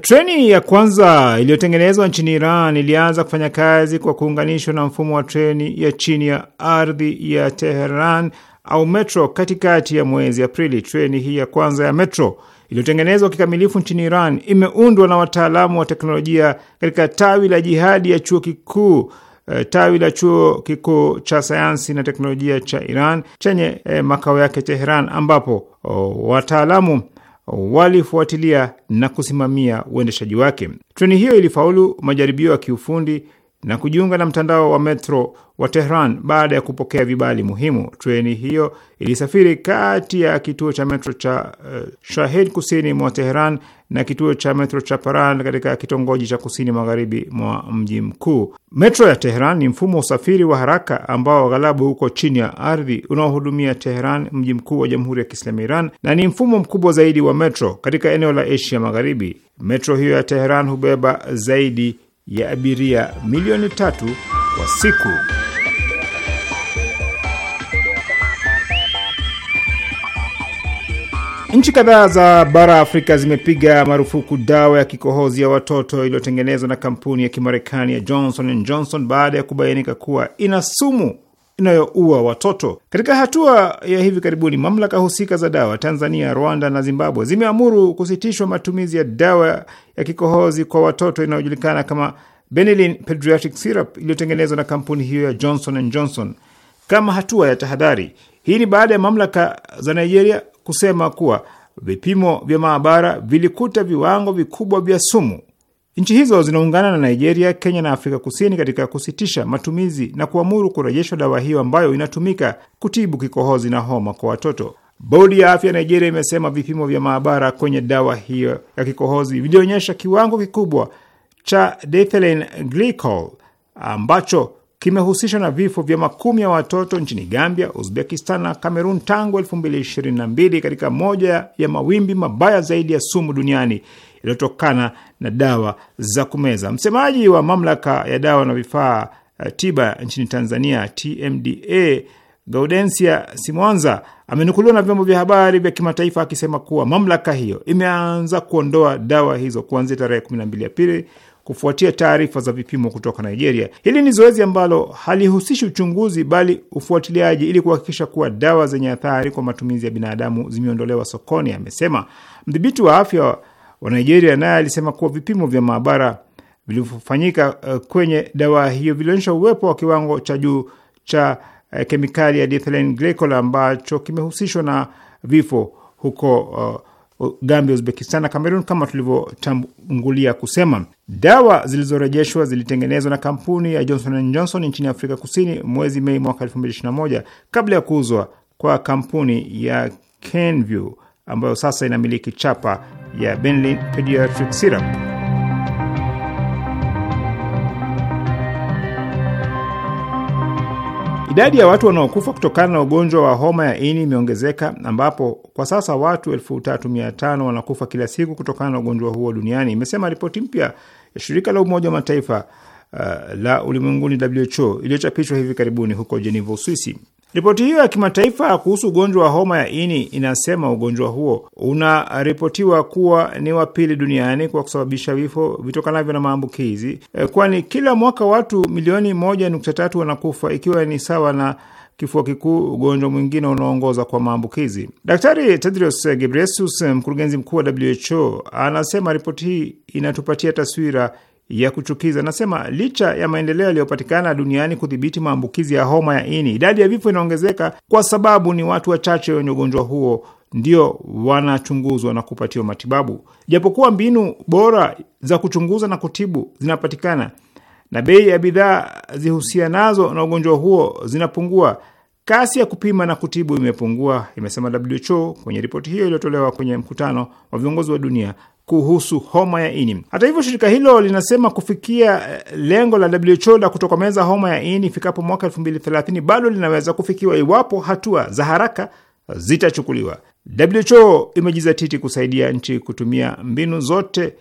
Treni ya kwanza iliyotengenezwa nchini Iran ilianza kufanya kazi kwa kuunganishwa na mfumo wa treni ya chini ya ardhi ya Teheran au metro katikati ya mwezi Aprili. Treni hii ya kwanza ya metro iliyotengenezwa kikamilifu nchini Iran imeundwa na wataalamu wa teknolojia katika tawi la jihadi ya chuo kikuu eh, tawi la chuo kikuu cha sayansi na teknolojia cha Iran chenye eh, makao yake Teheran, ambapo oh, wataalamu walifuatilia na kusimamia uendeshaji wake. Treni hiyo ilifaulu majaribio ya kiufundi na kujiunga na mtandao wa metro wa Tehran. Baada ya kupokea vibali muhimu, treni hiyo ilisafiri kati ya kituo cha metro cha uh, eh, Shahid kusini mwa Tehran na kituo cha metro cha Paran katika kitongoji cha kusini magharibi mwa mji mkuu. Metro ya Tehran ni mfumo wa usafiri wa haraka ambao aghalabu uko chini ya ardhi unaohudumia Tehran, mji mkuu wa Jamhuri ya Kiislamu Iran, na ni mfumo mkubwa zaidi wa metro katika eneo la Asia Magharibi. Metro hiyo ya Tehran hubeba zaidi ya abiria milioni tatu wa siku. Nchi kadhaa za bara Afrika zimepiga marufuku dawa ya kikohozi ya watoto iliyotengenezwa na kampuni ya Kimarekani ya Johnson and Johnson baada ya kubainika kuwa ina sumu inayoua watoto. Katika hatua ya hivi karibuni, mamlaka husika za dawa Tanzania, Rwanda na Zimbabwe zimeamuru kusitishwa matumizi ya dawa ya kikohozi kwa watoto inayojulikana kama Benylin Patriotic Syrup iliyotengenezwa na kampuni hiyo ya Johnson and Johnson kama hatua ya tahadhari. Hii ni baada ya mamlaka za Nigeria kusema kuwa vipimo vya maabara vilikuta viwango vikubwa vya sumu. Nchi hizo zinaungana na Nigeria, Kenya na Afrika Kusini katika kusitisha matumizi na kuamuru kurejeshwa dawa hiyo ambayo inatumika kutibu kikohozi na homa kwa watoto. Bodi ya afya ya Nigeria imesema vipimo vya maabara kwenye dawa hiyo ya kikohozi vilionyesha kiwango kikubwa cha Dethelin Glycol ambacho kimehusishwa na vifo vya makumi ya watoto nchini Gambia, Uzbekistan na Kamerun tangu 2022 katika moja ya mawimbi mabaya zaidi ya sumu duniani yaliyotokana na dawa za kumeza. Msemaji wa mamlaka ya dawa na vifaa eh, tiba nchini Tanzania, TMDA, Gaudensia Simwanza amenukuliwa na vyombo vya habari vya kimataifa akisema kuwa mamlaka hiyo imeanza kuondoa dawa hizo kuanzia tarehe 12 Aprili kufuatia taarifa za vipimo kutoka Nigeria. Hili ni zoezi ambalo halihusishi uchunguzi, bali ufuatiliaji ili kuhakikisha kuwa dawa zenye athari kwa matumizi ya binadamu zimeondolewa sokoni, amesema. Mdhibiti wa afya wa Nigeria naye alisema kuwa vipimo vya maabara vilivyofanyika eh, kwenye dawa hiyo vilionyesha uwepo wa kiwango cha juu cha eh, kemikali ya diethylene glycol ambacho kimehusishwa na vifo huko uh, Gambia, Uzbekistan na Kamerun. Kama tulivyotangulia kusema, dawa zilizorejeshwa zilitengenezwa na kampuni ya Johnson and Johnson nchini Afrika Kusini mwezi Mei mwaka 2021 kabla ya kuuzwa kwa kampuni ya Kenview ambayo sasa inamiliki chapa ya Benlin Pediatric Syrup. Idadi ya watu wanaokufa kutokana na ugonjwa wa homa ya ini imeongezeka ambapo kwa sasa watu 3500 wanakufa kila siku kutokana na ugonjwa huo duniani, imesema ripoti mpya ya shirika la Umoja wa Mataifa uh, la ulimwenguni WHO iliyochapishwa hivi karibuni huko Jeneva, Uswisi. Ripoti hiyo ya kimataifa kuhusu ugonjwa wa homa ya ini inasema ugonjwa huo unaripotiwa kuwa ni wa pili duniani kwa kusababisha vifo vitokanavyo na maambukizi, eh, kwani kila mwaka watu milioni moja nukta tatu wanakufa ikiwa ni sawa na kifua kikuu, ugonjwa mwingine unaoongoza kwa maambukizi. Daktari Tedros Ghebreyesus, mkurugenzi mkuu wa WHO, anasema ripoti hii inatupatia taswira ya kuchukiza. Nasema licha ya maendeleo yaliyopatikana duniani kudhibiti maambukizi ya homa ya ini, idadi ya vifo inaongezeka kwa sababu ni watu wachache wenye ugonjwa huo ndio wanachunguzwa na kupatiwa matibabu. Japokuwa mbinu bora za kuchunguza na kutibu zinapatikana na bei ya bidhaa zihusianazo na ugonjwa huo zinapungua, kasi ya kupima na kutibu imepungua, imesema WHO kwenye ripoti hiyo iliyotolewa kwenye mkutano wa viongozi wa dunia kuhusu homa ya ini. Hata hivyo, shirika hilo linasema kufikia eh, lengo la WHO la kutokomeza homa ya ini ifikapo mwaka 2030 bado linaweza kufikiwa iwapo hatua za haraka zitachukuliwa. WHO imejizatiti kusaidia nchi kutumia mbinu zote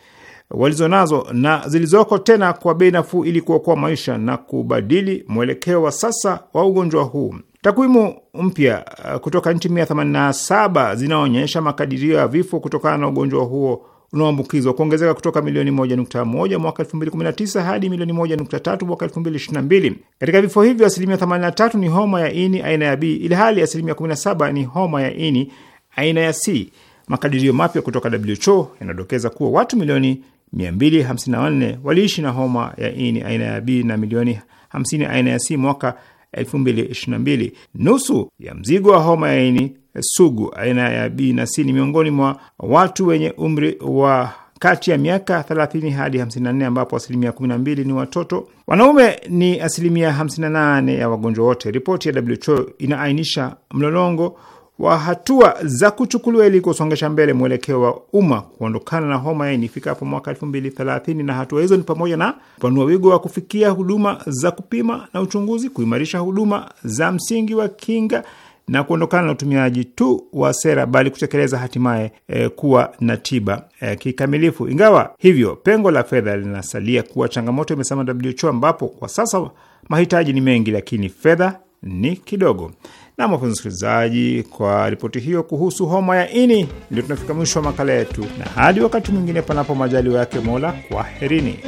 walizonazo na zilizoko tena kwa bei nafuu ili kuokoa maisha na kubadili mwelekeo wa sasa wa ugonjwa huu. Takwimu mpya eh, kutoka nchi 187 zinaonyesha makadirio ya vifo kutokana na ugonjwa huo unaoambukizwa kuongezeka kutoka milioni 1.1 mwaka 2019 hadi milioni 1.3 mwaka 2022. Katika vifo hivyo asilimia 83 ni homa ya ini aina ya B ilhali asilimia 17 ni homa ya ini aina ya C. Makadirio mapya kutoka WHO yanadokeza kuwa watu milioni 254 waliishi na homa ya ini aina ya B na milioni 50 aina ya C mwaka 2022. Nusu ya mzigo wa homa ya ini sugu aina ya B na C ni miongoni mwa watu wenye umri wa kati ya miaka 30 hadi 54 ambapo asilimia 12 ni watoto. Wanaume ni asilimia 58 ya wagonjwa wote. Ripoti ya WHO inaainisha mlolongo wa hatua za kuchukuliwa ili kusongesha mbele mwelekeo wa umma kuondokana na homa ya ini ifikapo mwaka 2030, na hatua hizo ni pamoja na kupanua wigo wa kufikia huduma za kupima na uchunguzi, kuimarisha huduma za msingi wa kinga na kuondokana na utumiaji tu wa sera, bali kutekeleza hatimaye e, kuwa na tiba e, kikamilifu. Ingawa hivyo, pengo la fedha linasalia kuwa changamoto, imesema WHO, ambapo kwa sasa mahitaji ni mengi, lakini fedha ni kidogo. Na mafunzo msikilizaji, kwa ripoti hiyo kuhusu homa ya ini, ndio tunafika mwisho wa makala yetu, na hadi wakati mwingine, panapo majaliwa yake Mola, kwaherini.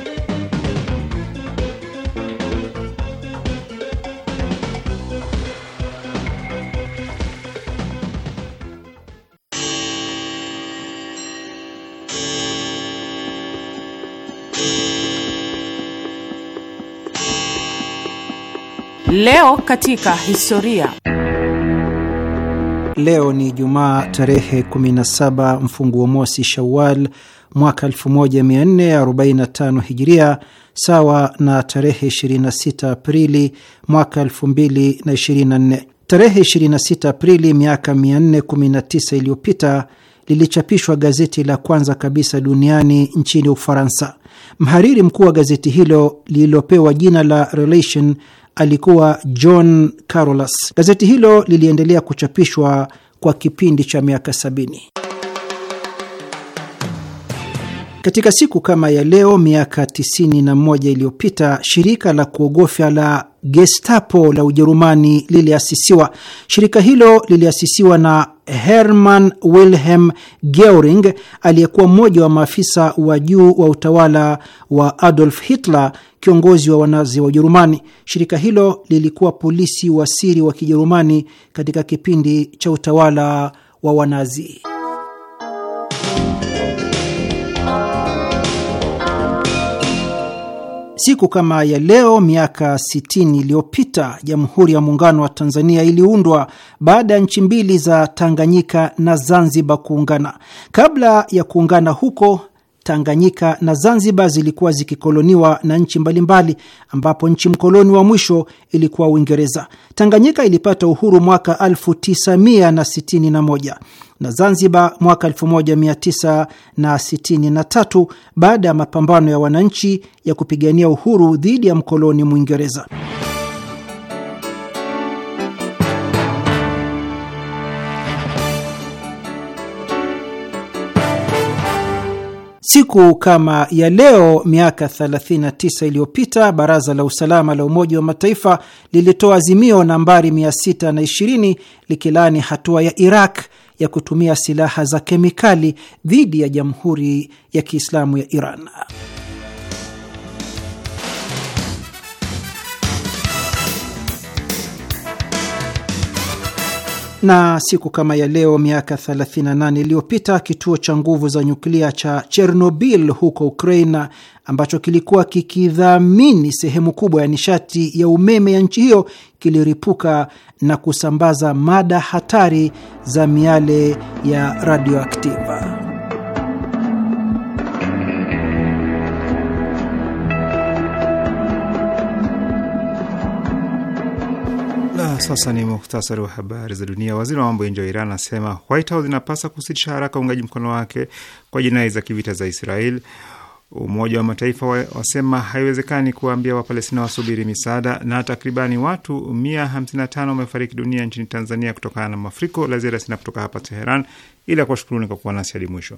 Leo katika historia. Leo ni Jumaa tarehe 17 mfunguo mosi Shawal mwaka 1445 Hijiria, sawa na tarehe 26 Aprili mwaka 2024. Tarehe 26 Aprili miaka 419 iliyopita lilichapishwa gazeti la kwanza kabisa duniani nchini Ufaransa. Mhariri mkuu wa gazeti hilo lililopewa jina la Relation alikuwa John Carolus. Gazeti hilo liliendelea kuchapishwa kwa kipindi cha miaka sabini. Katika siku kama ya leo miaka 91 iliyopita shirika la kuogofya la Gestapo la Ujerumani liliasisiwa. Shirika hilo liliasisiwa na Hermann Wilhelm Goering aliyekuwa mmoja wa maafisa wa juu wa utawala wa Adolf Hitler, kiongozi wa wanazi wa Ujerumani. Shirika hilo lilikuwa polisi wa siri wa Kijerumani katika kipindi cha utawala wa wanazi. Siku kama ya leo miaka 60 iliyopita Jamhuri ya Muungano wa Tanzania iliundwa baada ya nchi mbili za Tanganyika na Zanzibar kuungana. Kabla ya kuungana huko, Tanganyika na Zanzibar zilikuwa zikikoloniwa na nchi mbalimbali, ambapo nchi mkoloni wa mwisho ilikuwa Uingereza. Tanganyika ilipata uhuru mwaka 1961 na Zanzibar mwaka 1963 baada ya mapambano ya wananchi ya kupigania uhuru dhidi ya mkoloni Mwingereza. Siku kama ya leo miaka 39 iliyopita baraza la usalama la Umoja wa Mataifa lilitoa azimio nambari 620 likilaani hatua ya Iraq ya kutumia silaha za kemikali dhidi ya Jamhuri ya Kiislamu ya Iran. na siku kama ya leo miaka 38 iliyopita kituo cha nguvu za nyuklia cha Chernobyl huko Ukraina ambacho kilikuwa kikidhamini sehemu kubwa ya nishati ya umeme ya nchi hiyo kiliripuka na kusambaza mada hatari za miale ya radioaktiva. sasa ni muhtasari wa habari za dunia. Waziri wa mambo ya nje wa Iran anasema White House inapasa kusitisha haraka uungaji mkono wake kwa jinai za kivita za Israel. Umoja wa Mataifa wasema haiwezekani kuwaambia Wapalestina wasubiri misaada. Na takribani watu 155 wamefariki dunia nchini Tanzania kutokana na mafuriko. La ziada sina kutoka hapa Teheran, ila kuwashukuruni kwa kuwa nasi hadi mwisho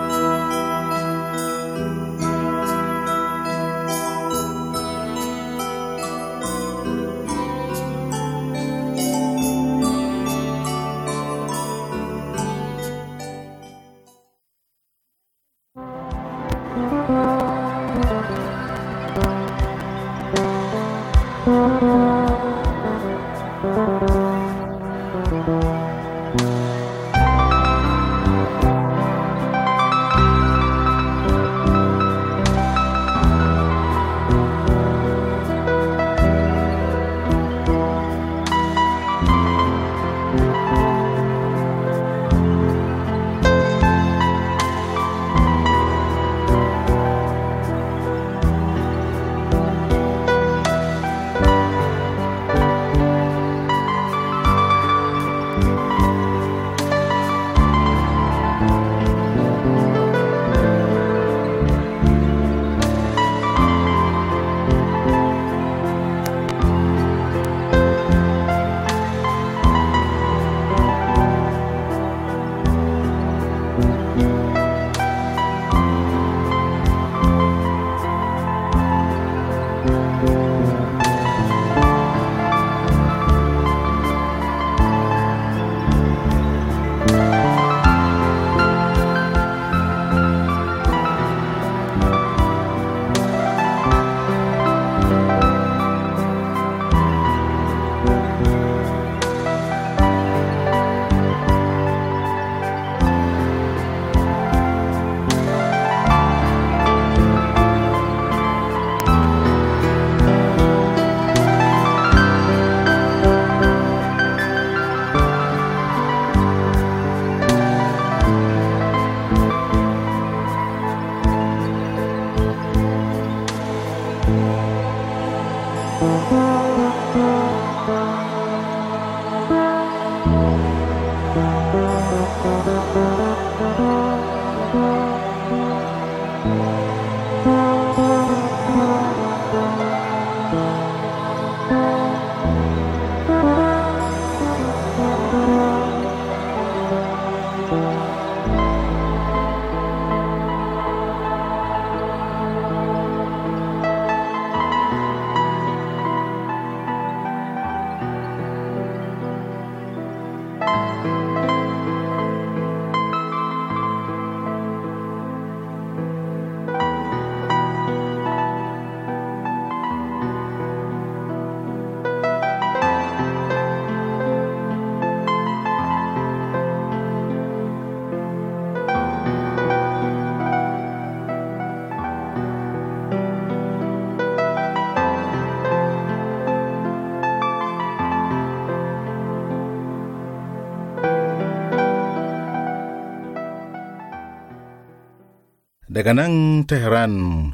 Daga nan Tehran